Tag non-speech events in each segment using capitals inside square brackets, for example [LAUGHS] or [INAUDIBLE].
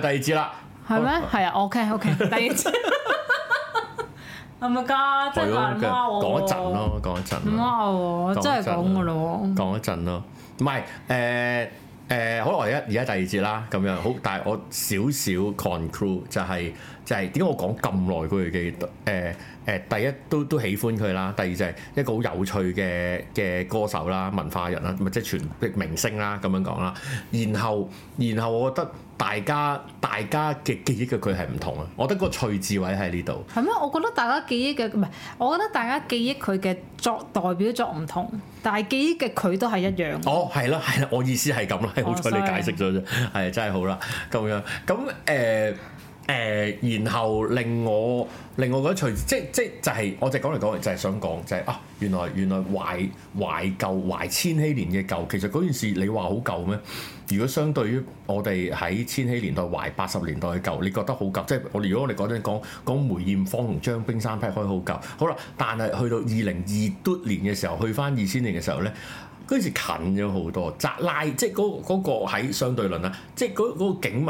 第二節啦，係咩？係啊，OK OK。嗎第二節係咪㗎？即係講講一陣咯，講一陣。貓喎、嗯，我真係講㗎啦喎。講一陣咯，唔係誒誒，好耐而家而家第二節啦，咁樣好。但係我少少 conclude 就係、是、就係點解我講咁耐佢嘅誒誒？第一都都喜歡佢啦，第二就係一個好有趣嘅嘅歌手啦、文化人啦，唔係即係全職明星啦，咁樣講啦。然後然後我覺得。大家大家嘅記憶嘅佢係唔同啊！我覺得個徐志偉喺呢度係咩？我覺得大家記憶嘅唔係，我覺得大家記憶佢嘅作代表作唔同，但係記憶嘅佢都係一樣。哦，係啦，係啦，我意思係咁啦，好彩你解釋咗啫，係、哦、 [LAUGHS] 真係好啦，咁樣咁誒。誒、呃，然後令我令我覺得隨即即就係、是、我講講就講嚟講嚟就係想講，就係啊，原來原來懷懷舊懷千禧年嘅舊，其實嗰件事你話好舊咩？如果相對於我哋喺千禧年代懷八十年代嘅舊，你覺得好舊？即係我如果我哋講真講講梅艷芳同張冰山劈開好舊。好啦，但係去到二零二 d 年嘅時候，去翻二千年嘅時候呢，嗰陣時近咗好多，扎拉即係嗰個喺相對論啦，即係、那、嗰個景物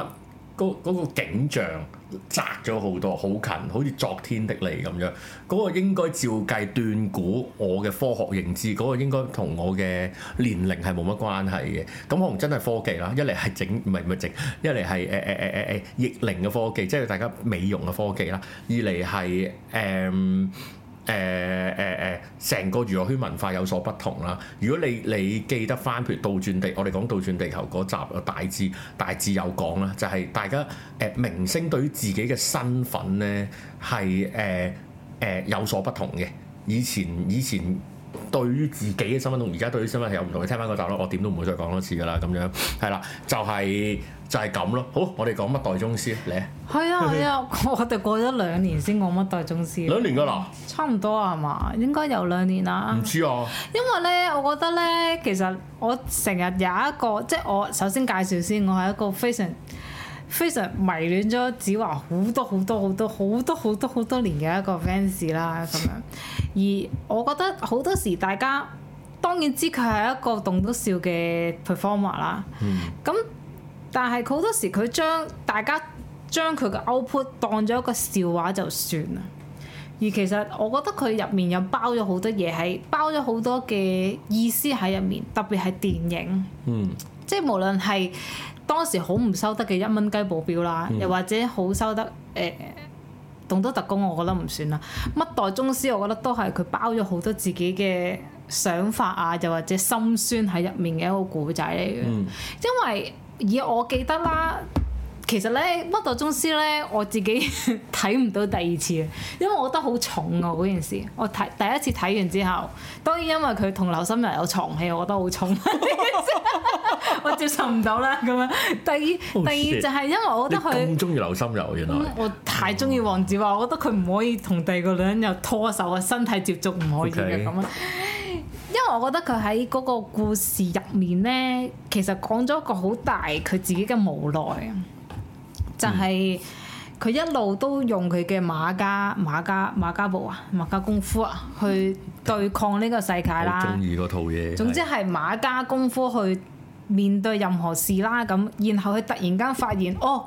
嗰嗰個景象。窄咗好多，好近，好似昨天的你咁樣。嗰個應該照計斷估我嘅科學認知，嗰個應該同我嘅年齡係冇乜關係嘅。咁可能真係科技啦，一嚟係整唔係唔係整，一嚟係誒誒誒誒誒逆齡嘅科技，即係大家美容嘅科技啦。二嚟係誒。嗯誒誒誒，成個娛樂圈文化有所不同啦。如果你你記得返，譬如倒轉地，我哋講倒轉地球嗰集，大致大致有講啦，就係、是、大家誒明星對於自己嘅身份咧，係誒誒有所不同嘅。以前以前。對於自己嘅身份同而家對於身份係有唔同，你聽翻嗰答咯，我點都唔會再講多次㗎啦，咁樣係啦，就係、是、就係咁咯。好，我哋講乜代宗師你？係啊係啊，我哋過咗兩年先講乜代宗師。兩年㗎啦。差唔多係嘛？應該有兩年啦。唔知啊。因為咧，我覺得咧，其實我成日有一個，即係我首先介紹先，我係一個非常。非常迷戀咗子華好多好多好多好多好多好多年嘅一個 fans 啦咁樣， [LAUGHS] 而我覺得好多時大家當然知佢係一個棟篤笑嘅 performer 啦，咁、嗯、但係好多時佢將大家將佢嘅 output 當咗一個笑話就算啦，而其實我覺得佢入面又包咗好多嘢喺，包咗好多嘅意思喺入面，特別係電影，嗯、即係無論係。當時好唔收得嘅一蚊雞保鏢啦，又或者好收得誒、呃，棟篤特工我覺得唔算啦。乜代宗師我覺得都係佢包咗好多自己嘅想法啊，又或者心酸喺入面嘅一個故仔嚟嘅，嗯、因為以我記得啦。其實咧，《乜代宗師》咧，我自己睇 [LAUGHS] 唔到第二次，因為我覺得好重啊嗰件事。我睇第一次睇完之後，當然因為佢同劉心悠有床戲，我覺得好重，啊， [LAUGHS] [LAUGHS] 我接受唔到啦。咁樣第二 [LAUGHS] 第二就係因為我覺得佢咁中意劉心悠。原來、嗯嗯、我太中意黃子華，我覺得佢唔可以同第二個女人又拖手啊，身體接觸唔可以嘅咁啊。Okay. 因為我覺得佢喺嗰個故事入面咧，其實講咗一個好大佢自己嘅無奈啊。就係佢一路都用佢嘅馬家馬家馬家步啊，馬家功夫啊，夫啊去對抗呢個世界啦、啊。套總之係馬家功夫去面對任何事啦、啊，咁然後佢突然間發現，哦，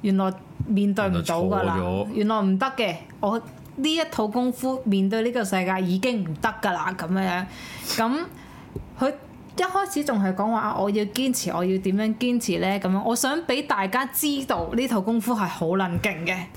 原來面對唔到㗎啦，原來唔得嘅，我呢一套功夫面對呢個世界已經唔得㗎啦，咁樣樣，咁佢。一開始仲係講話我要堅持，我要點樣堅持呢？咁樣，我想俾大家知道呢套功夫係好撚勁嘅。 [LAUGHS]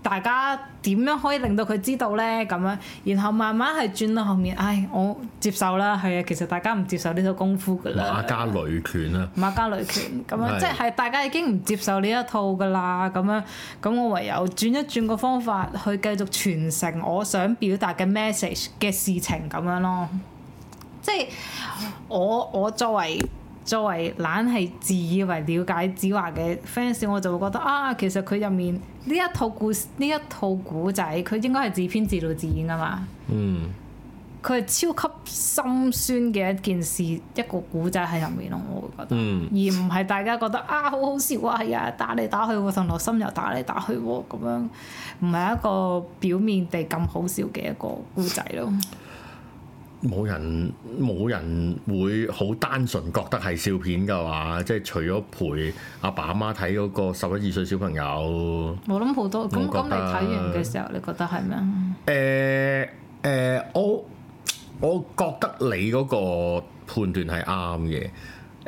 大家點樣可以令到佢知道呢？咁樣，然後慢慢係轉到後面，唉，我接受啦，係啊，其實大家唔接受呢套功夫㗎啦。馬家女拳啊！馬家女拳咁樣， [LAUGHS] 即係大家已經唔接受呢一套㗎啦。咁樣，咁我唯有轉一轉個方法去繼續傳承我想表達嘅 message 嘅事情咁樣咯。即係我我作為作為懶係自以為了解子華嘅 fans，我就會覺得啊，其實佢入面呢一，一套故事，呢一套古仔，佢應該係自編自導自演噶嘛。嗯。佢係超級心酸嘅一件事，一個古仔喺入面咯，我會覺得。嗯。而唔係大家覺得啊，好好笑啊，係啊，打嚟打去，我同羅森又打嚟打去喎，咁樣唔係一個表面地咁好笑嘅一個古仔咯。冇人冇人會好單純覺得係笑片嘅話，即係除咗陪阿爸阿媽睇嗰個十一二歲小朋友，我諗好多。咁咁你睇完嘅時候，你覺得係咩啊？誒誒、呃呃，我我覺得你嗰個判斷係啱嘅。誒、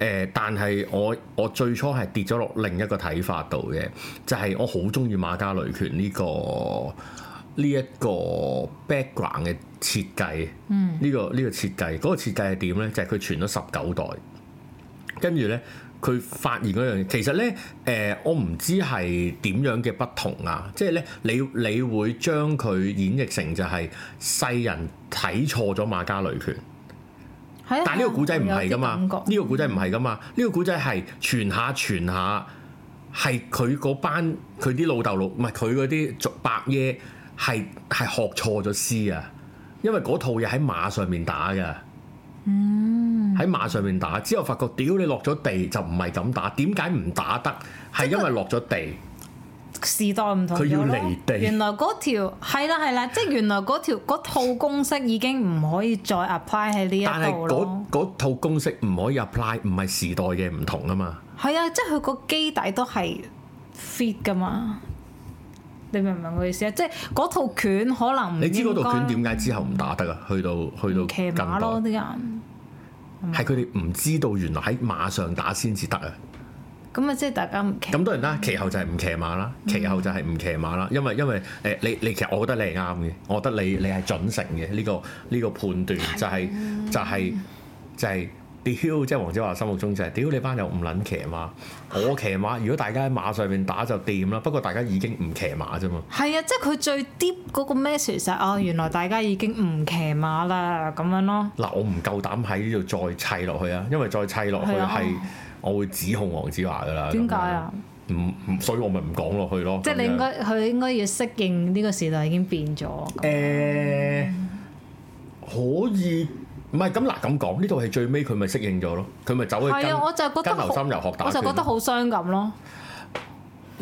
呃，但係我我最初係跌咗落另一個睇法度嘅，就係、是、我好鍾意馬家雷拳呢、這個。呢一個 background 嘅設計，呢個呢個設計嗰個設計係點呢？就係佢傳咗十九代，跟住呢，佢發現嗰樣嘢。其實呢，誒、呃、我唔知係點樣嘅不同啊。即係呢，你你會將佢演繹成就係世人睇錯咗馬家雷拳。哎、但係呢個古仔唔係噶嘛，呢、嗯、個古仔唔係噶嘛，呢、這個古仔係傳下傳下，係佢嗰班佢啲老豆老唔係佢嗰啲族伯爺。係係學錯咗師啊！因為嗰套嘢喺馬上面打嘅，喺、嗯、馬上面打之後發覺屌你落咗地就唔係咁打，點解唔打得？係因為落咗地時代唔同，佢要離地。原來嗰條係啦係啦，即係原來嗰條嗰套公式已經唔可以再 apply 喺呢一度咯。嗰嗰套公式唔可以 apply，唔係時代嘅唔同啊嘛。係啊，即係佢個基底都係 fit 噶嘛。你明唔明我意思啊？即係嗰套拳可能應該應該你知嗰套拳點解之後唔打得啊、嗯？去到去到騎馬咯啲人，係佢哋唔知道原來喺馬上打先至得啊！咁啊、嗯，即係大家唔騎馬咁當然啦，其後就係唔騎馬啦，其後就係唔騎馬啦。因為因為誒，你你其實我覺得你係啱嘅，我覺得你你係準成嘅呢、呢個呢、呢個判斷就係、係、 [LAUGHS] 就係、係、就係、係。就係就係就係屌，Hill，即係黃子華心目中就係、是、屌你班友唔撚騎馬，我騎馬。如果大家喺馬上面打就掂啦。不過大家已經唔騎馬啫嘛。係啊，即係佢最 deep 嗰個 message、嗯、啊、哦，原來大家已經唔騎馬啦咁樣咯。嗱，我唔夠膽喺呢度再砌落去啊，因為再砌落去係、啊、我會指控黃子華噶啦。點解啊？唔所以我咪唔講落去咯。即係你應該，佢樣應該要適應呢個時代已經變咗。誒、嗯，可以。唔係咁。嗱，咁講呢套戲最尾佢咪適應咗咯，佢咪走去跟流心遊學大，我就覺得好傷感咯。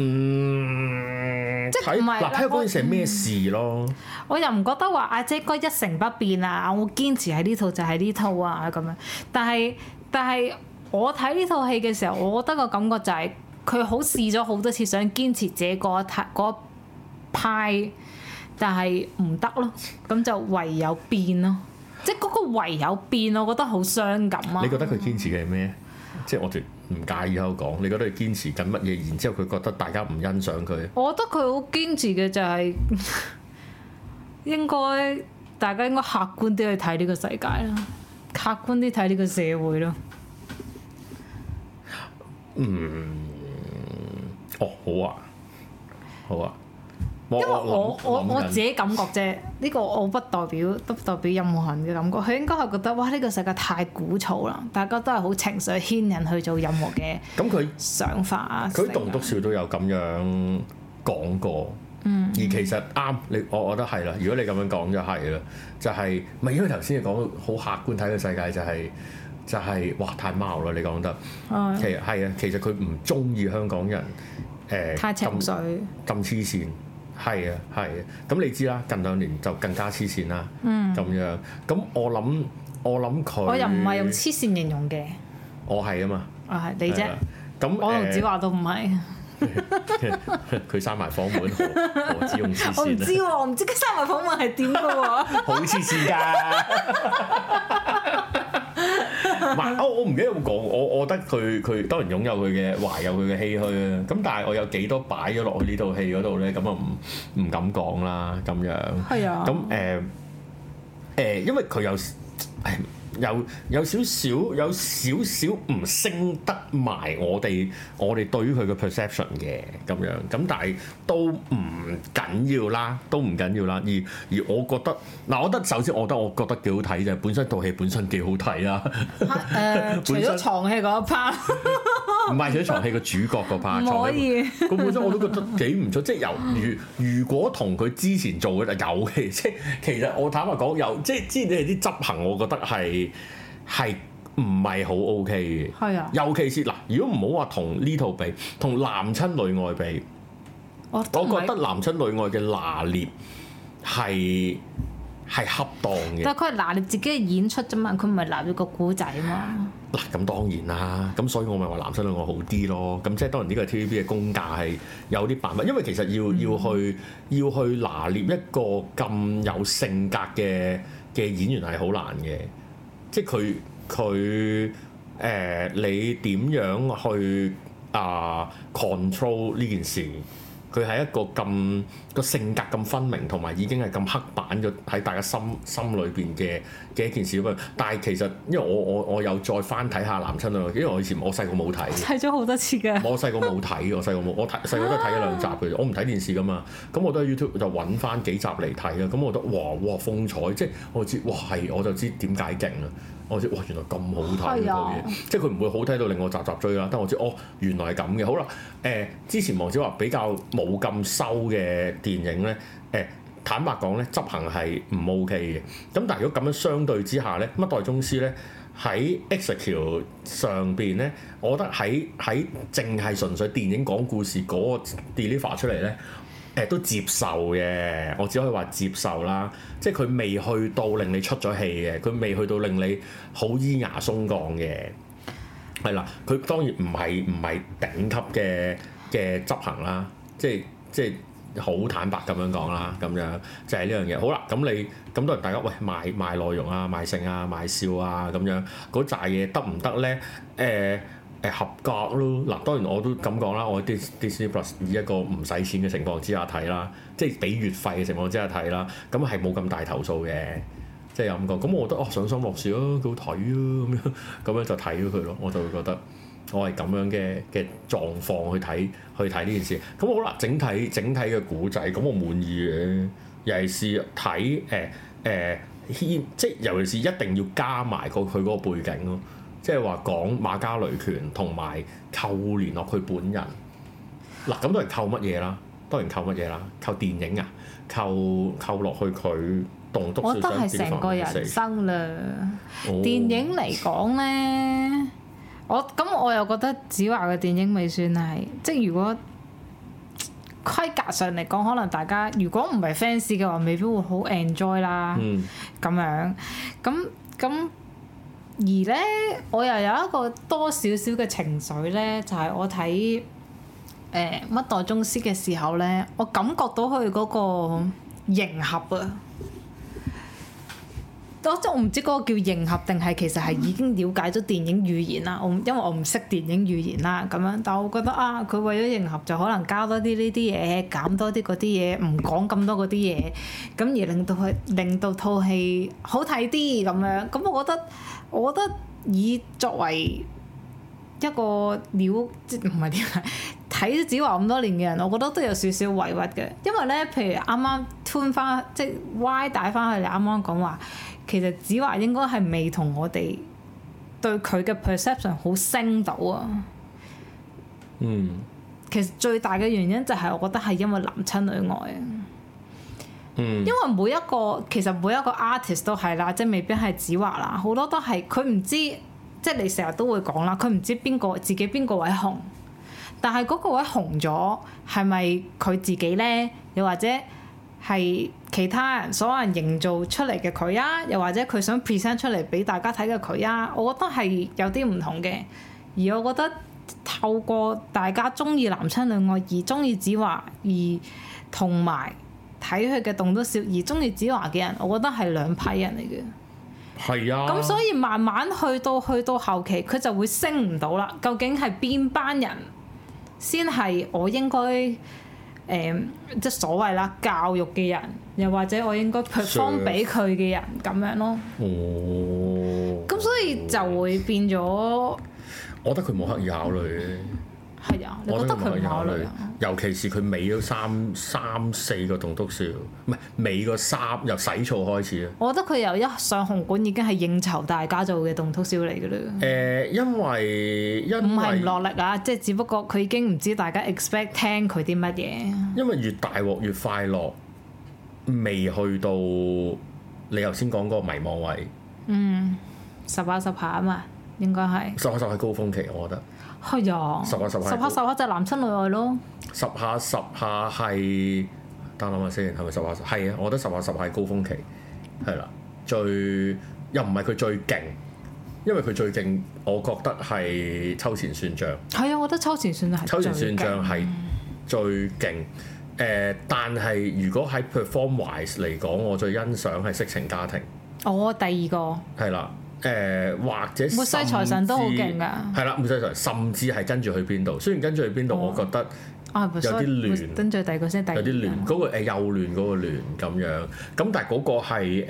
嗯，即係唔係睇下嗰件事係咩事咯，我，我又唔覺得話阿姐哥一成不變啊！我堅持喺呢套就係呢套啊咁樣。但係但係我睇呢套戲嘅時候，我覺得個感覺就係、是、佢好試咗好多次想堅持這個派、那個、派，但係唔得咯，咁就唯有變咯。即係嗰個唯有變，我覺得好傷感啊！你覺得佢堅持嘅係咩？即係我哋唔介意喺度講，你覺得佢堅持緊乜嘢？然之後佢覺得大家唔欣賞佢。我覺得佢好堅持嘅就係、是、應該大家應該客觀啲去睇呢個世界啦，客觀啲睇呢個社會咯。嗯，哦，好啊，好啊。因為我我想我，我自己感覺啫，呢 [LAUGHS] 個我不代表都代表任何人嘅感覺。佢應該係覺得哇，呢、這個世界太枯燥啦，大家都係好情緒牽引去做任何嘅咁佢想法啊。佢他《棟篤笑》都有咁樣講過，嗯。而其實啱你，我我覺得係啦。如果你咁樣講就係、是、啦，就係、是、咪因為頭先你講好客觀睇個世界就係、是、就係、是、哇太貓啦？你講得、嗯其，其實啊，其實佢唔中意香港人誒，呃、太情緒咁黐線。係啊，係啊，咁你知啦，近兩年就更加黐線啦，嗯、咁樣。咁我諗，我諗佢，我又唔係用黐線形容嘅，我係啊嘛，啊係你啫，咁我同子華都唔係，佢閂埋房門 [LAUGHS] 我，我只用黐線我唔知、啊、我唔知佢閂埋房門係點㗎喎，好黐線㗎。唔係， [LAUGHS] 我我唔記得講，我我覺得佢佢當然擁有佢嘅懷有佢嘅唏噓啦，咁但係我有幾多擺咗落去呢套戲嗰度咧？咁啊唔唔敢講啦，咁樣。係啊。 [LAUGHS] 咁誒誒，因為佢有。有有少少有少少唔升得埋我哋我哋對於佢嘅 perception 嘅咁樣，咁，但係都唔緊要啦，都唔緊要啦。而而我覺得嗱，我覺得首先我覺得我覺得幾好睇就係本身套戲本身幾好睇啦。啊呃、 [LAUGHS] 除咗床戲嗰一 part 身。 [LAUGHS] 唔係佢場戲個主角個 part，唔可以。佢 [LAUGHS] 本身我都覺得幾唔錯，即係由如如果同佢之前做嘅有戲，即係其實我坦白講有，即係知你哋啲執行，我覺得係係唔係好 OK 嘅。係啊，尤其是嗱，如果唔好話同呢套比，同男親女愛比，我，我覺得男親女愛嘅拿捏係係恰當嘅。但係佢係拿捏自己嘅演出啫嘛，佢唔係拿捏個古仔嘛。嗱，咁當然啦，咁所以我咪話男生兩個好啲咯，咁即係當然呢個 TVB 嘅工價係有啲辦法，因為其實要要去要去拿捏一個咁有性格嘅嘅演員係好難嘅，即係佢佢誒你點樣去啊、呃、control 呢件事？佢係一個咁個性格咁分明，同埋已經係咁刻板咗喺大家心心裏邊嘅嘅一件事嘅。但係其實因為我我我又再翻睇下《男親》咯，因為我以前我細個冇睇，睇咗好多次嘅。 [LAUGHS] 我細個冇睇，我細個冇，我睇細個都睇咗兩集嘅。我唔睇電視㗎嘛，咁我都喺 YouTube 就揾翻幾集嚟睇啊。咁我覺得哇，哇，風采，即係我知，哇係，我就知點解勁啦。我知哇，原來咁好睇呢套嘢，啊、即係佢唔會好睇到令我集集追啦。得我知，哦，原來係咁嘅。好啦，誒、呃，之前黃子華比較冇咁收嘅電影咧，誒、呃，坦白講咧，執行係唔 OK 嘅。咁但係如果咁樣相對之下咧，乜代宗師咧喺 e X 條上邊咧，我覺得喺喺淨係純粹電影講故事嗰個 deliver 出嚟咧，誒、呃、都接受嘅。我只可以話接受啦。即係佢未去到令你出咗氣嘅，佢未去到令你好咿牙鬆降嘅，係啦，佢當然唔係唔係頂級嘅嘅執行啦，即係即係好坦白咁樣講啦，咁樣就係、是、呢樣嘢。好啦，咁你咁多人大家喂賣賣內容啊，賣性啊，賣笑啊咁樣，嗰扎嘢得唔得咧？誒、呃。誒、合格咯，嗱當然我都咁講啦，我 Disney Plus 以一個唔使錢嘅情況之下睇啦，即係俾月費嘅情況之下睇啦，咁係冇咁大投訴嘅，即係有咁講，咁我覺得哦上心落樹咯，佢好睇啊，咁、啊、樣咁樣就睇咗佢咯，我就會覺得我係咁樣嘅嘅狀況去睇去睇呢件事，咁好啦，整體整體嘅古仔咁我滿意嘅，尤其是睇誒誒即係尤其是一定要加埋個佢嗰個背景咯。即係話講馬家雷拳同埋扣聯絡佢本人，嗱咁都係扣乜嘢啦？當然扣乜嘢啦？扣電影啊？扣扣落去佢棟篤笑。我覺得係成個人生啦。電影嚟講咧，我咁我又覺得子華嘅電影未算係，即係如果規格上嚟講，可能大家如果唔係 fans 嘅話，未必會好 enjoy 啦。嗯、mm.，咁樣咁咁。而呢，我又有一個多少少嘅情緒呢就係、是、我睇誒《乜、欸、代宗師》嘅時候呢，我感覺到佢嗰個迎合啊。我即我唔知嗰個叫迎合定係其實係已經了解咗電影語言啦。我因為我唔識電影語言啦，咁樣，但我覺得啊，佢為咗迎合就可能加多啲呢啲嘢，減多啲嗰啲嘢，唔講咁多嗰啲嘢，咁而令到佢令到套戲好睇啲咁樣。咁我覺得，我覺得以作為一個了即唔係點解，睇咗《子華》咁多年嘅人，我覺得都有少少委屈嘅，因為咧，譬如啱啱 turn 翻即係 Y 帶翻去你啱啱，哋啱啱講話。其實子華應該係未同我哋對佢嘅 perception 好升到啊。嗯，其實最大嘅原因就係我覺得係因為男親女愛啊。嗯，因為每一個其實每一個 artist 都係啦，即係未必係子華啦，好多都係佢唔知，即係你成日都會講啦，佢唔知邊個自己邊個位紅，但係嗰個位紅咗係咪佢自己咧？又或者係其他人所有人營造出嚟嘅佢啊，又或者佢想 present 出嚟俾大家睇嘅佢啊，我覺得係有啲唔同嘅。而我覺得透過大家中意男親女愛，而中意子華，而同埋睇佢嘅棟篤笑，而中意子華嘅人，我覺得係兩批人嚟嘅。係是啊，咁所以慢慢去到去到後期，佢就會升唔到啦。究竟係邊班人先係我應該誒、呃，即係所謂啦教育嘅人？又或者我應該 perform 俾佢嘅人咁 Sure. 樣咯。哦，咁所以就會變咗。我覺得佢冇刻意考慮嘅。係啊，我覺得佢冇考慮，尤其是佢尾咗三三四個棟篤笑，唔係尾嗰三由洗燥開始啊。我覺得佢由一上紅館已經係應酬大家做嘅棟篤笑嚟㗎啦。誒、呃，因為因唔係唔落力啊，即係只不過佢已經唔知大家 expect 聽佢啲乜嘢。因為越大鑊越快樂。未去到你頭先講嗰個迷惘位，嗯，十下十下啊嘛，應該係十下十下係高峰期，我覺得係啊，十下十下十下十下就係男親女愛咯，十下十下係，等我諗下先，係咪十下十係啊？我覺得十下十下係高峰期，係啦，最又唔係佢最勁，因為佢最勁，我覺得係秋前算賬，係啊，我覺得秋前算係秋前算賬係最勁。誒，但係如果喺 perform wise 嚟講，我最欣賞係色情家庭。哦，第二個。係啦，誒、呃、或者。末世財神都好勁㗎。係啦，末世財甚至係跟住去邊度？雖然跟住去邊度，哦、我覺得有啲亂。啊、跟住第，第二個先，第有啲亂，嗰、那個誒又亂嗰、那個亂咁樣。咁但係嗰個係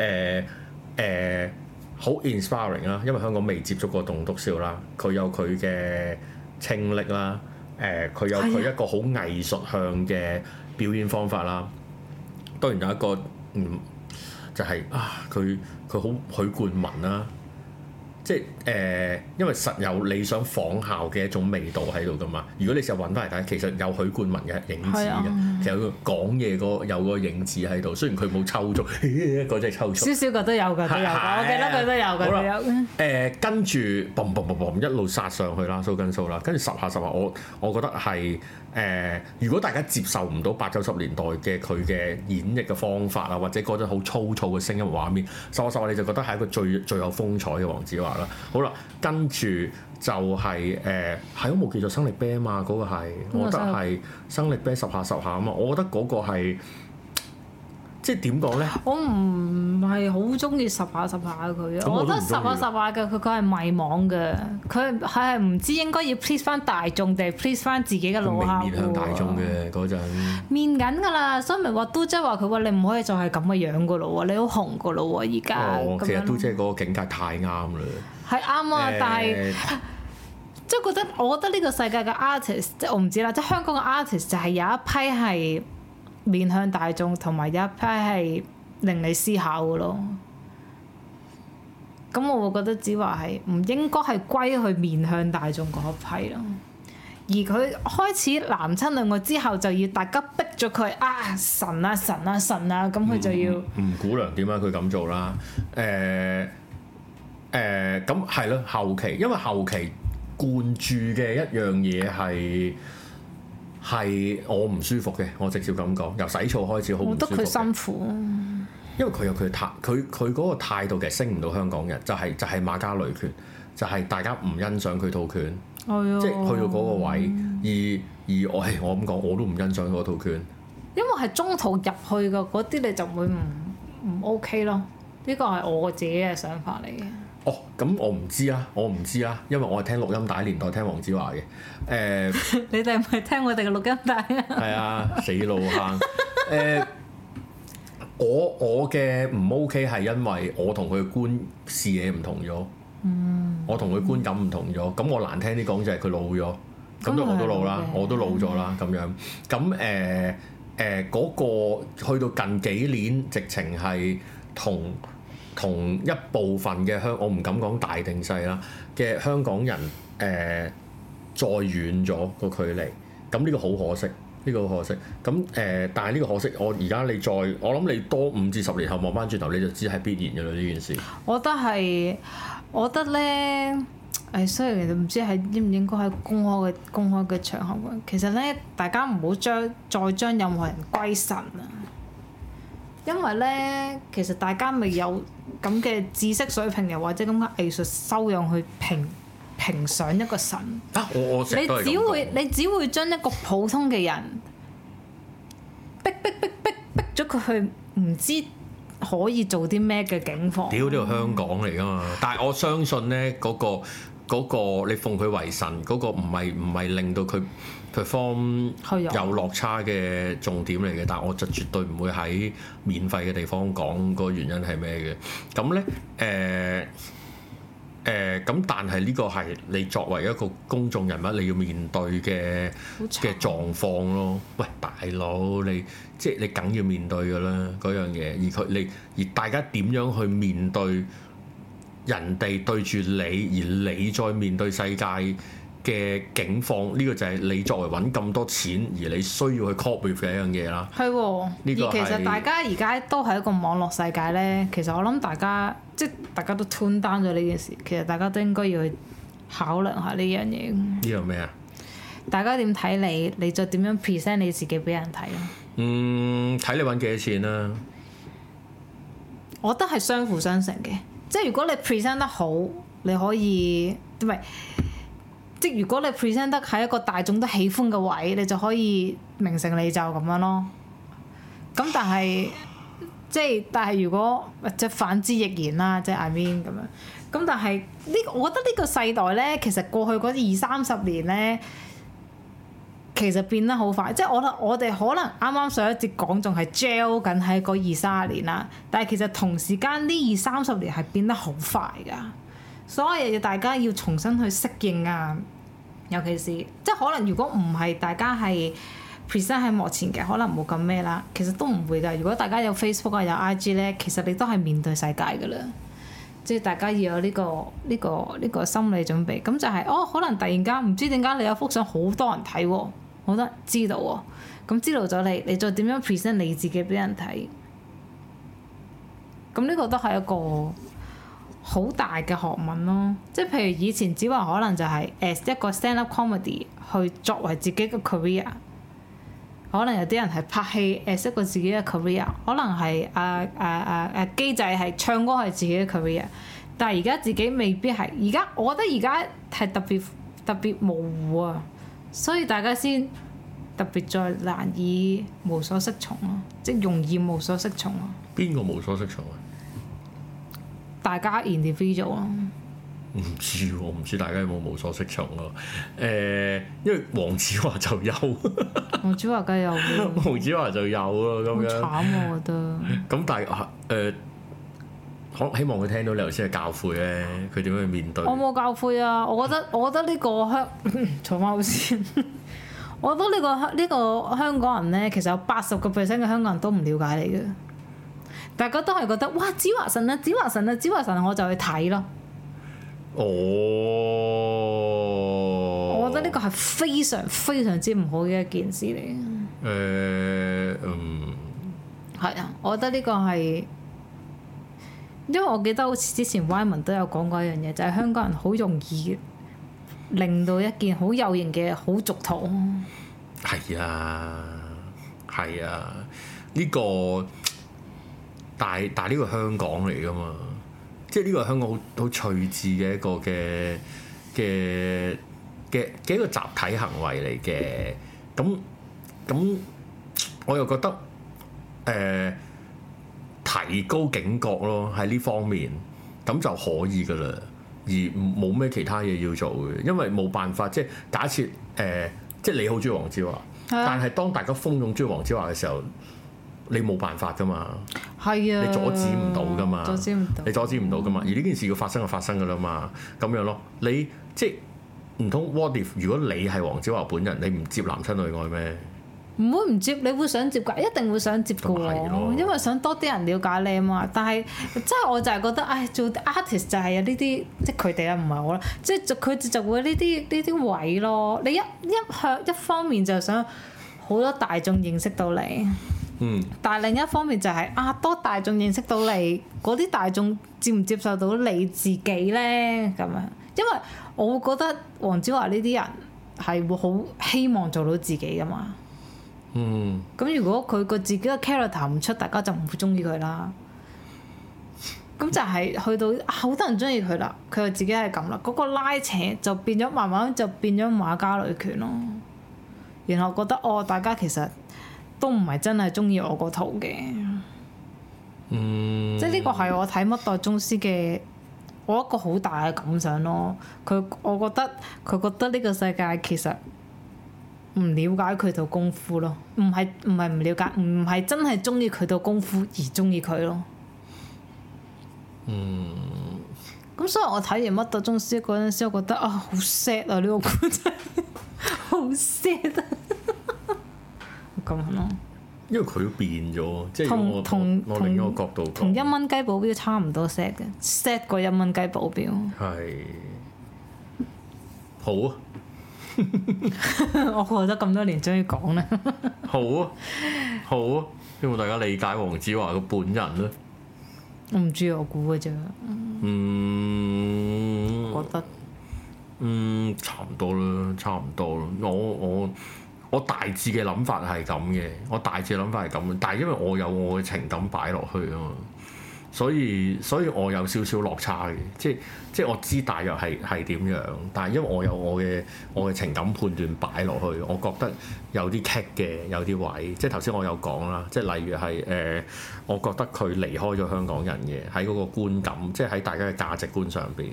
誒好 inspiring 啦，呃呃、insp iring, 因為香港未接觸過棟篤笑啦，佢有佢嘅清力啦，誒、呃、佢有佢、呃、一個好藝術向嘅。<_><_>表演方法啦，當然有一個嗯，就係啊，佢佢好許冠文啦，即係誒，因為實有你想仿效嘅一種味道喺度噶嘛。如果你成日揾翻嚟睇，其實有許冠文嘅影子嘅，其實佢講嘢個有個影子喺度。雖然佢冇抽搐，嗰隻抽少少個都有嘅，有我記得佢都有嘅有。誒，跟住嘣嘣嘣一路殺上去啦，蘇根蘇啦，跟住十下十下，我我覺得係。誒、呃，如果大家接受唔到八九十年代嘅佢嘅演繹嘅方法啊，或者嗰種好粗糙嘅聲音畫面，十十你就覺得係一個最最有風采嘅黃子華啦。好啦，跟住就係、是、誒，係好冇叫做《生力啤》啊嘛，嗰個係，我覺得係《生力啤》十下十下啊嘛，我覺得嗰個係。即係點講咧？我唔係好中意十下十下嘅佢，我覺得十下十下嘅佢佢係迷惘嘅，佢係係唔知應該要 please 翻大眾定係 please 翻自己嘅老下。面向大眾嘅嗰陣，面緊㗎啦，所以咪話都即係話佢話你唔可以再係咁嘅樣㗎咯喎，你好紅㗎咯喎，而家。其實都即係嗰個境界太啱啦。係啱啊，但係即係覺得我覺得呢個世界嘅 artist 即係我唔知啦，即係香港嘅 artist 就係有一批係。面向大眾同埋有一批係令你思考嘅咯，咁我會覺得只話係唔應該係歸去面向大眾嗰批咯，而佢開始男親女愛之後，就要大家逼咗佢啊神啊神啊神啊，咁佢、啊啊啊、就要唔估量點解佢咁做啦？誒誒、嗯，咁係咯，後期因為後期灌注嘅一樣嘢係。係我唔舒服嘅，我直接咁講，由洗澡開始好唔舒服，覺得佢辛苦、啊，因為佢有佢態，佢佢嗰個態度其實升唔到香港人，就係、是、就係、是、馬家雷拳，就係、是、大家唔欣賞佢、哎呦哎、套拳，即係去到嗰個位而而我我咁講我都唔欣賞我套拳，因為係中途入去嘅嗰啲你就會唔唔 OK 咯。呢個係我自己嘅想法嚟嘅。哦，咁我唔知啊，我唔知啊，因為我係聽錄音帶年代聽黃子華嘅。誒、呃， [LAUGHS] 你哋係咪聽我哋嘅錄音帶啊？係 [LAUGHS] 啊，死老坑。誒、呃，我我嘅唔 OK 係因為我同佢觀視野唔同咗。嗯。我同佢觀感唔同咗，咁、嗯、我難聽啲講就係佢老咗，咁都、嗯、我都老啦，嗯、我都老咗啦咁樣。咁誒誒嗰個去到近幾年，直情係同。同一部分嘅香，我唔敢講大定細啦。嘅香港人誒、呃，再遠咗個距離，咁呢個好可惜，呢個好可惜。咁誒、呃，但係呢個可惜，我而家你再，我諗你多五至十年後望翻轉頭，你就知係必然嘅啦。呢件事我，我覺得係，我覺得咧，誒，雖然唔知係應唔應該喺公開嘅公開嘅場合，其實咧，大家唔好將再將任何人歸神啊！因為咧，其實大家咪有咁嘅知識水平，又或者咁嘅藝術修養去評評賞一個神。啊、我我成日都係咁講。你只會你只會將一個普通嘅人逼逼逼逼逼咗佢去，唔知可以做啲咩嘅境況。屌呢個香港嚟噶嘛？但係我相信咧，嗰個。嗰個你奉佢為神，嗰、那個唔係唔係令到佢 perform 有落差嘅重點嚟嘅，但我就絕對唔會喺免費嘅地方講個原因係咩嘅。咁咧，誒、呃、誒，咁、呃、但係呢個係你作為一個公眾人物，你要面對嘅嘅差狀況咯。喂，大佬，你即係你梗要面對㗎啦嗰樣嘢，而佢你而大家點樣去面對？人哋對住你，而你再面對世界嘅境況，呢個就係你作為揾咁多錢，而你需要去 copy 嘅一樣嘢啦。係， [MUSIC] 呢個，而其實大家而家都係一個網絡世界呢。其實我諗大家即係大家都 turn down 咗呢件事。其實大家都應該要去考量下呢樣嘢。呢樣咩啊？大家點睇你？你再點樣 present 你自己俾人睇？嗯，睇你揾幾多錢啦、啊。我覺得係相輔相成嘅。即係如果你 present 得好，你可以唔係，即係如果你 present 得係一個大眾都喜歡嘅位，你就可以名成利就咁樣咯。咁但係，即係但係如果即反之亦然啦，即係 I mean 咁樣。咁但係呢、這個，我覺得呢個世代咧，其實過去嗰二三十年咧。其實變得好快，即係我我哋可能啱啱上一節講仲係 gel 緊喺嗰二三十年啦，但係其實同時間呢二三十年係變得好快㗎，所以大家要重新去適應啊，尤其是即係可能如果唔係大家係 present 喺幕前嘅，可能冇咁咩啦。其實都唔會㗎，如果大家有 Facebook 啊有 IG 咧，其實你都係面對世界㗎啦，即係大家要有呢個呢個呢個心理準備。咁就係哦，可能突然間唔知點解你有幅相好多人睇喎。好得知道喎，咁知道咗你，你再點樣 present 你自己俾人睇？咁呢個都係一個好大嘅學問咯。即係譬如以前只話可能就係 As 一個 stand-up comedy 去作為自己嘅 career，可能有啲人係拍戲 As 一個自己嘅 career，可能係啊啊啊啊機制係唱歌係自己嘅 career，但係而家自己未必係。而家我覺得而家係特別特別模糊啊！所以大家先特別再難以無所適從咯，即係容易無所適從咯。邊個無所適從啊？大家 individual 咯。唔知喎，唔知大家有冇無所適從咯？誒，因為黃子華就有。黃子華梗係有。黃子華就有咯，咁 [LAUGHS] 樣。慘啊！我覺得。咁但係誒。呃希望佢聽到你頭先嘅教誨咧，佢點樣去面對？我冇教誨啊！我覺得，我覺得呢、這個香 [LAUGHS] [LAUGHS] 坐翻好先。我覺得呢、這個香呢、這個香港人咧，其實有八十個 percent 嘅香港人都唔了解你嘅。大家都係覺得哇！子華神啊，子華神啊，子華神啊，華神我就去睇咯。哦、oh，我覺得呢個係非常非常之唔好嘅一件事嚟嘅。誒嗯、uh，係、um、啊，我覺得呢個係。因為我記得好似之前 Wyman 都有講過一樣嘢，就係、是，香港人好容易令到一件好有型嘅好俗套。係啊，係啊，呢、這個但係但係呢個香港嚟㗎嘛，即係呢個香港好好趣致嘅一個嘅嘅嘅嘅一個集體行為嚟嘅。咁咁我又覺得誒。呃提高警覺咯，喺呢方面咁就可以噶啦，而冇咩其他嘢要做嘅，因為冇辦法。即係假設誒，即係你好中意黃子華，啊、但係當大家蜂擁中意黃子華嘅時候，你冇辦法噶嘛？係啊，你阻止唔到噶嘛？阻止唔到，你阻止唔到噶嘛？而呢件事要發生就發生噶啦嘛，咁樣咯。你即係唔通？What if 如果你係黃子華本人，你唔接男親女愛咩？唔會唔接，你會想接㗎，一定會想接㗎，因為想多啲人了解你啊嘛。但係真係我就係覺得，唉，做 artist 就係有呢啲，即係佢哋啦，唔係我啦，即係就佢就會呢啲呢啲位咯。你一一向一方面就想好多大眾認識到你，嗯，但係另一方面就係、是、啊，多大眾認識到你，嗰啲大眾接唔接受到你自己咧咁樣？因為我覺得黃子華呢啲人係會好希望做到自己噶嘛。嗯，咁如果佢個自己嘅 character 唔出，大家就唔會中意佢啦。咁就係去到好多人中意佢啦，佢自己係咁啦，嗰、那個拉扯就變咗，慢慢就變咗畫家女權咯。然後覺得哦，大家其實都唔係真係中意我個圖嘅。嗯，即係呢個係我睇《乜代宗師》嘅我一個好大嘅感想咯。佢，我覺得佢覺得呢個世界其實。唔了解佢套功夫咯，唔係唔係唔了解，唔係真係中意佢套功夫而中意佢咯。嗯。咁所以我睇完《乜代宗師》嗰陣時，我覺得啊，好 sad 啊，呢個古仔， [LAUGHS] 好 sad 哀。啊，咁 [LAUGHS] 咯吧。因為佢變咗，即係同我，同我另一個角度講，同一蚊雞保鏢差唔多 sad 嘅，sad 過一蚊雞保鏢。係。好啊。 [LAUGHS] 我過咗咁多年，終於講啦。好啊，好啊，希望大家理解黃子華個本人啦。我唔知我估嘅啫。嗯。我覺得。嗯，差唔多啦，差唔多啦。我我我大致嘅諗法係咁嘅，我大致嘅諗法係咁嘅，但係因為我有我嘅情感擺落去啊。所以，所以我有少少落差嘅，即係即係我知大約係係點樣，但係因為我有我嘅我嘅情感判斷擺落去，我覺得有啲劇嘅，有啲位，即係頭先我有講啦，即係例如係誒、呃，我覺得佢離開咗香港人嘅，喺嗰個觀感，即係喺大家嘅價值觀上邊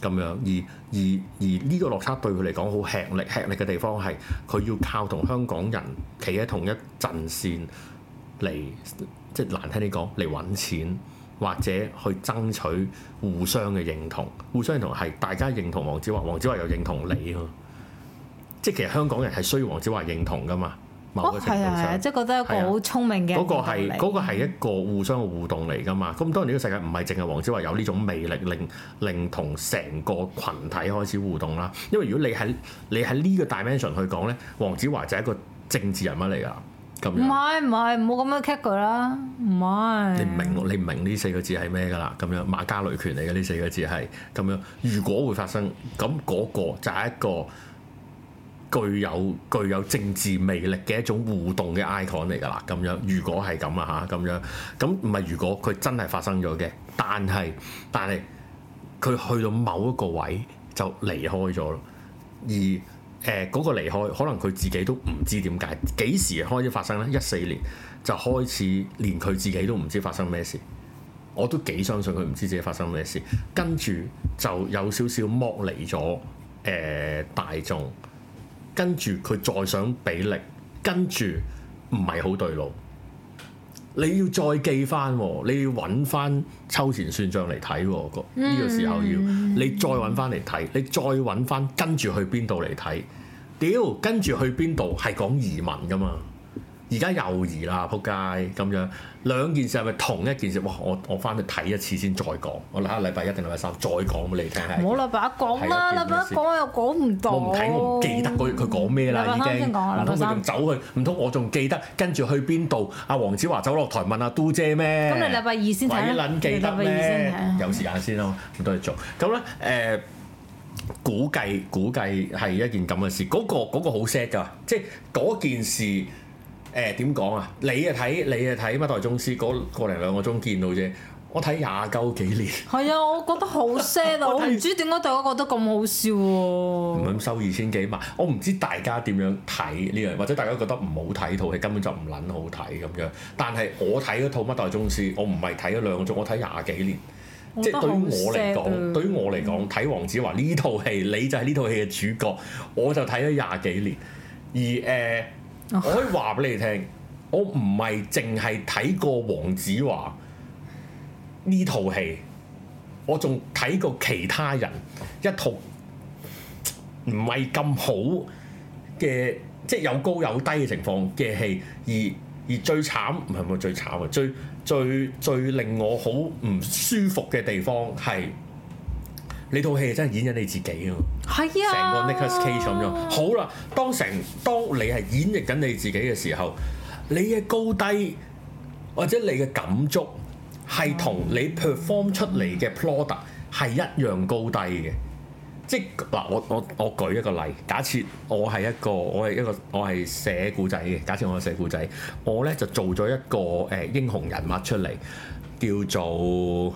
咁樣，而而而呢個落差對佢嚟講好吃力，吃力嘅地方係佢要靠同香港人企喺同一陣線。嚟，即係難聽啲講嚟搵錢，或者去爭取互相嘅認同，互相認同係大家認同黃子華，黃子華又認同你，即係其實香港人係需要黃子華認同噶嘛？某個程度上哦，係係，即係覺得一個好聰明嘅。嗰、嗰個係、嗰個係一個互相嘅互動嚟噶嘛？咁當然呢個世界唔係淨係黃子華有呢種魅力令令同成個群體開始互動啦。因為如果你喺你喺呢個 dimension 去講呢，黃子華就係一個政治人物嚟噶。唔係唔係，唔好咁樣 cat 佢啦，唔係。你明，你唔明呢四個字係咩噶啦？咁樣馬家女權嚟嘅呢四個字係咁樣。如果會發生，咁嗰個就係一個具有具有政治魅力嘅一種互動嘅 icon 嚟噶啦。咁樣如果係咁啊嚇，咁樣咁唔係如果佢真係發生咗嘅，但係但係佢去到某一個位就離開咗咯，而。誒嗰個離開，可能佢自己都唔知點解，幾時開始發生呢？一四年就開始，連佢自己都唔知發生咩事。我都幾相信佢唔知自己發生咩事，跟住就有少少剝離咗誒大眾，跟住佢再想俾力，跟住唔係好對路。你要再記翻，你要揾翻秋前算帳嚟睇喎，呢個時候要你再揾翻嚟睇，你再揾翻跟住去邊度嚟睇？屌跟住去邊度係講移民噶嘛？而家又移啦，撲街咁樣。兩件事係咪同一件事？哇！我我翻去睇一次先再講。我下禮拜一定禮拜三再講俾你聽。唔好禮拜一講啦，禮拜一講我又講唔到。我唔睇我唔記得佢佢講咩啦已經。禮拜三先講啊，禮拜三。唔通佢仲走去？唔通我仲記得跟住去邊度？阿黃子華走落台問阿嘟姐咩？咁咪禮拜二先睇咯。鬼撚記得咩？有時間、嗯、先咯，咁多啲做。咁咧誒，估計估計係一件咁嘅事。嗰個嗰個好 sad 㗎，即係嗰件事。誒點講啊？你啊睇，你啊睇《乜代宗師》嗰、那個零兩個鐘見到啫。我睇廿鳩幾年。係 [LAUGHS] 啊，我覺得好 sad 啊！ [LAUGHS] 我唔看知點解大家覺得咁好笑喎、啊。唔肯收二千幾萬，我唔知大家點樣睇呢樣，或者大家覺得唔好睇套戲，根本就唔撚好睇咁樣。但係我睇嗰套《乜代宗師》，我唔係睇咗兩個鐘，我睇廿幾年。即係我也 對於我嚟講、嗯，對於我嚟講，睇黃子華呢套戲，你就係呢套戲嘅主角，我就睇咗廿幾年。而誒。而而而而而而我可以話俾你聽，我唔係淨係睇過黃子華呢套戲，我仲睇過其他人一套唔係咁好嘅，即係有高有低嘅情況嘅戲，而而最慘唔係咪最慘啊？最最最令我好唔舒服嘅地方係。你套戲真係演緊你自己咯，係啊，成 [MUSIC] 個 Nicolas Cage 咁樣。好啦，當成當你係演繹緊你自己嘅時候，你嘅高低或者你嘅感觸係同你 perform 出嚟嘅 plot 係一樣高低嘅。即嗱， [MUSIC] 我我我舉一個例，假設我係一個我係一個我係寫故仔嘅，假設我係寫故仔，我咧就做咗一個誒、呃、英雄人物出嚟，叫做。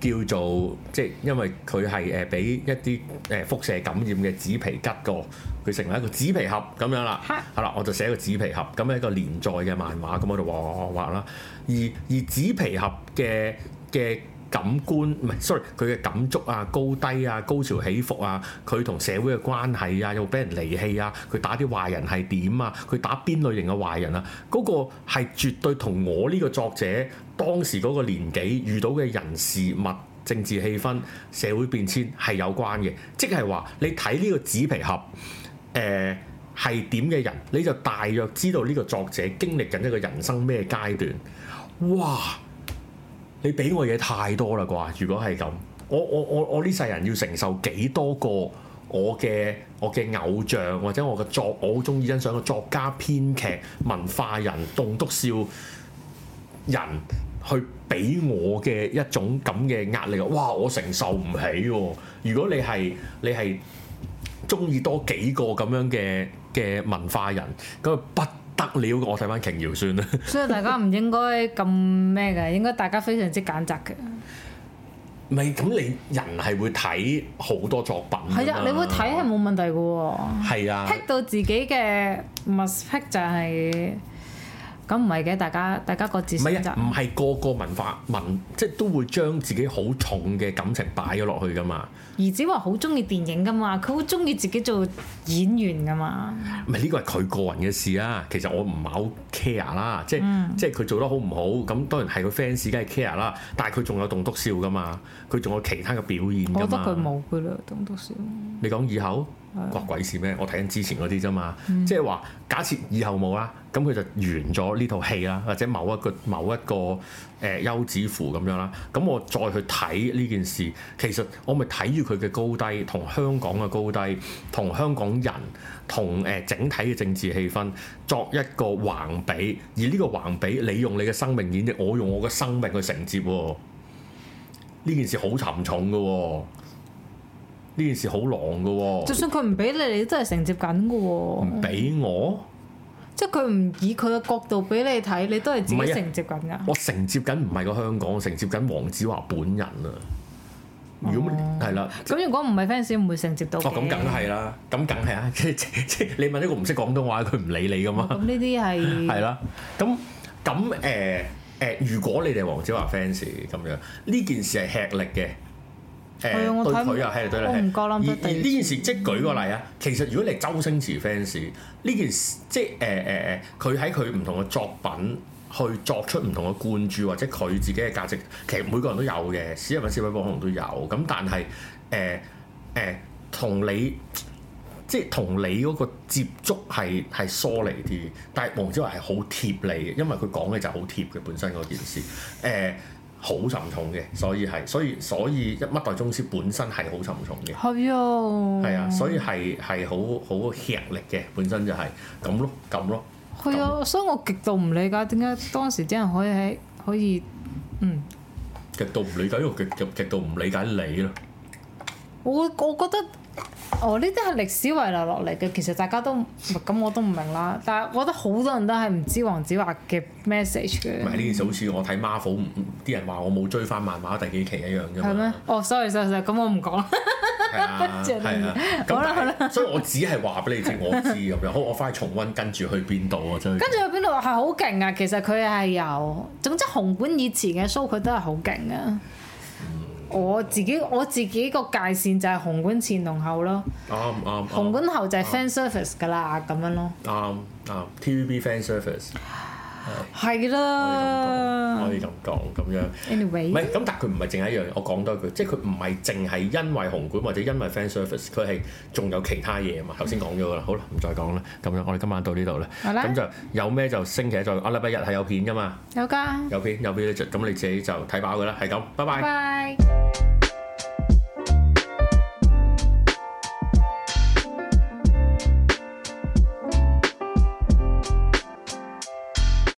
叫做即係，因為佢係誒俾一啲誒輻射感染嘅紙皮吉過，佢成為一個紙皮盒咁樣啦。係，係啦，我就寫個紙皮盒咁樣一個連載嘅漫畫，咁我就畫畫啦。而而紙皮盒嘅嘅.感官唔係 sorry，佢嘅感觸啊、高低啊、高潮起伏啊，佢同社會嘅關係啊，又俾人離棄啊，佢打啲壞人係點啊？佢打邊類型嘅壞人啊？嗰個係絕對同我呢個作者當時嗰個年紀遇到嘅人事物、政治氣氛、社會變遷係有關嘅，即係話，你睇呢個紙皮盒，誒係點嘅人，你就大約知道呢個作者經歷緊一個人生咩階段。哇！你俾我嘢太多啦啩？如果係咁，我我我我呢世人要承受幾多個我嘅我嘅偶像或者我嘅作，我好中意欣賞嘅作家、編劇、文化人、棟篤笑人去俾我嘅一種咁嘅壓力，哇！我承受唔起。如果你係你係中意多幾個咁樣嘅嘅文化人，咁不？得了，我睇翻瓊瑤算啦。 [MUSIC] 所以大家唔應該咁咩嘅，應該大家非常之揀擇嘅。唔係，咁 [LAUGHS] 你人係會睇好多作品。係啊，你會睇係冇問題嘅喎。係啊，pick 到自己嘅 must pick 就係、是。咁唔係嘅，大家大家各自唔係啊！唔係個個文化文即係都會將自己好重嘅感情擺咗落去噶嘛。兒子話好鍾意電影噶嘛，佢好鍾意自己做演員噶嘛。唔係呢個係佢個人嘅事啊！其實我唔係好 care 啦，即係、嗯、即係佢做得好唔好，咁當然係佢 fans 梗係 care 啦。但係佢仲有棟篤笑噶嘛，佢仲有其他嘅表現。我覺得佢冇噶啦，棟篤笑。你講以後。關鬼事咩？我睇緊之前嗰啲啫嘛，即係話假設以後冇啦，咁佢就完咗呢套戲啦，或者某一個某一個誒休止符咁樣啦，咁我再去睇呢件事，其實我咪睇住佢嘅高低同香港嘅高低，同香，香港人同誒、呃、整體嘅政治氣氛作一個橫比，而呢個橫比，你用你嘅生命演繹，我用我嘅生命去承接喎、哦，呢件事好沉重嘅喎、哦。呢件事好狼嘅喎，就算佢唔俾你，你都真係承接緊嘅喎。唔俾我，即係佢唔以佢嘅角度俾你睇，你都係自己承接緊噶、啊。我承接緊唔係個香港，承接緊黃子華本人啊。如果係啦，咁、嗯、的如果唔係 fans，唔會承接到嘅。咁梗係啦，咁梗係啊！即即 [LAUGHS] 你問呢個唔識廣東話，佢唔理你噶嘛。咁呢啲係係啦。咁咁誒誒，如果你哋黃子華 fans 咁樣，呢件事係吃力嘅。誒、呃嗯、對佢又係對你，唔而而呢件事即舉個例啊。其實如果你係周星馳 fans，呢件事即誒誒誒，佢喺佢唔同嘅作品去作出唔同嘅貫注，或者佢自己嘅價值，其實每個人都有嘅，市民、消費者可能都有。咁但係誒誒，同、呃呃、你即同你嗰個接觸係係疏離啲，但係黃子華係好貼你嘅，因為佢講嘅就好貼嘅本身嗰件事誒。呃呃好沉重嘅，所以係，所以所以一乜代宗師本身係好沉重嘅。係啊，係啊，所以係係好好吃力嘅，本身就係咁咯咁咯。係啊，所以我極度唔理解點解當時啲人可以喺可以嗯極度唔理解，因為極極、嗯、極度唔理，理解你咯。我我覺得。哦，呢啲係歷史遺留落嚟嘅，其實大家都咁，我都唔明啦。但係我覺得好多人都係唔知黃子華嘅 message 嘅。唔係呢件事好似我睇 Marvel，啲人話我冇追翻漫畫第幾期一樣嘅。係咩？哦、oh，sorry sorry 咁我唔講啦。係 [LAUGHS] [LAUGHS] 啊，係啊，好啦，所以我只係話俾你知我知咁啦 [LAUGHS] 樣，好我翻去重温跟住去邊度啊？真係跟住去邊度係好勁啊！其實佢係有總之紅館以前嘅 show，佢都係好勁啊。我自己我自己個界線就係紅館前同後咯。啱啱。紅館後就係 fan service 㗎啦，咁樣咯。啱啱，TVB fan service 係啦、哎的，可以咁講，咁樣。Anyway，唔係咁，但係佢唔係淨係一樣。我講多一句，即係佢唔係淨係因為紅館或者因為 fanservice，佢係仲有其他嘢嘛。頭先講咗㗎啦，嗯、好啦，唔再講啦。咁樣，我哋今晚到呢度啦。咁就有咩就、啊、星期一再。禮拜日係有片㗎嘛？有㗎的。有片有片咧，就咁你自己就睇飽佢啦。係咁，拜拜。拜拜。